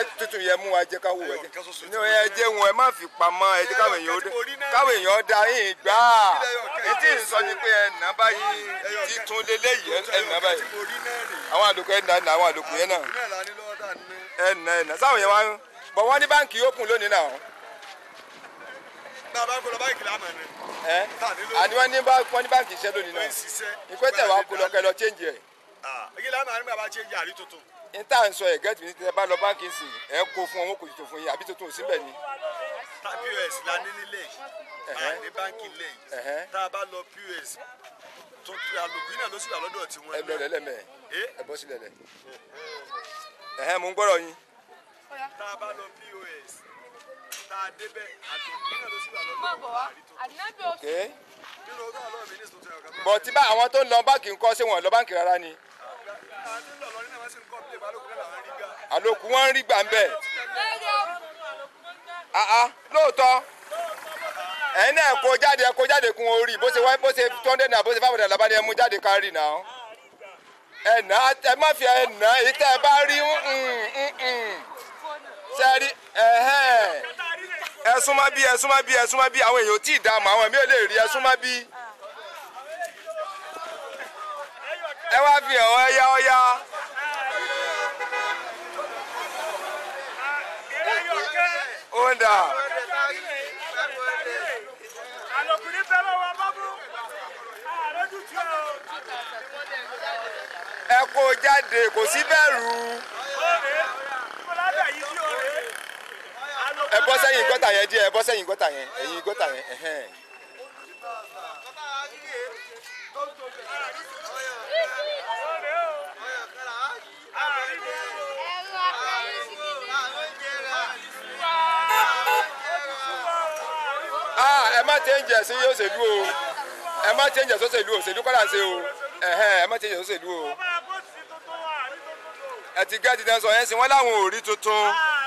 ẹ tuntun yẹn mú wa jẹ ká wò ẹ jẹ ní ẹ jẹ wọn ẹ má fi pamọ́ ẹ jẹ káwọn èèyàn dé káwọn èèyàn da yín gbà á etí ń sọ ni pé ẹ nà báyìí ti tún lélẹ̀ yìí ẹ nà báyìí àwọn àlòkù ẹ nà nà àwọn àlòkù yẹn náà ẹ nà ẹ nà sáwọn yẹn wá bọ̀ wọ́n ní báǹkì yóò kún lónìí náà àní wọ́n ní báǹkì iṣẹ́ lónìí náà ìpẹ́tẹ̀ wa kó lọ kẹ́ lọ chéǹjì ẹ̀ kí lámà nígbà bá ṣe yàrá tuntun. n tá à ń sọ ẹ̀ gẹ́tì mi tẹ bá lọ báńkì sí ẹ kó fún wọn kò tó fún yín àbí tuntun síbẹ̀ ni. pos la ní nílé ní báńkì lè tá a bá lọ pos tó àlòkù náà ló sì wà lọ́dọ̀ tí wọ́n. ẹ lọ lẹ́lẹ́ mẹ́ ẹ bọ́ sílẹ̀ lẹ̀ ẹ̀hẹ́n mo ń gbọ́dọ̀ yín. tá a bá lọ pos tá a débẹ̀ àlòkù náà ló sì wà lọ́dọ̀ àrítótó. bọ̀ tí bá àwọn tó ń lọ báńkì ń kọ́ sí wọn lọ báńkì rárá ni àlòkù wọn ń rí gbà ń bẹ ah, ah, lóòótọ́ ẹ̀yin náà kó jáde kó jáde kún orí bó ṣe wáyé bó ṣe two hundred naira bó ṣe five hundred labadi ẹ mú jáde kárì náà ẹ nà ẹ má fi ẹ nà èyí tẹ ẹ bá rí sẹ́rí mm, mm, mm. ẹ súnmọ́ bí ẹ súnmọ́ bí ẹ súnmọ́ bí àwọn èèyàn tí ì dààmú àwọn èmi ò lè rí ẹ súnmọ́ bí. ẹ wá fi ẹ̀wọ̀n ẹyá wanda àlòkùnrin bẹ́ẹ̀ ẹ kó jáde kò sí bẹ̀rù. ẹ bọ́ sẹ́yìn gọ́tà yẹn díẹ̀ ẹ bọ́ sẹ́yìn gọ́tà yẹn ẹ̀yìn gọ́tà yẹn. ọ̀rẹ́. Ah, ẹ má change sí òṣèlú o ẹ má change sóṣèlú òṣèlú kọ́lá ṣe o ẹ má change sóṣèlú o ẹ ti gẹ́ẹ̀tì náà sọ ẹ sìn wọ́n láwọn ò rí tuntun. Ah.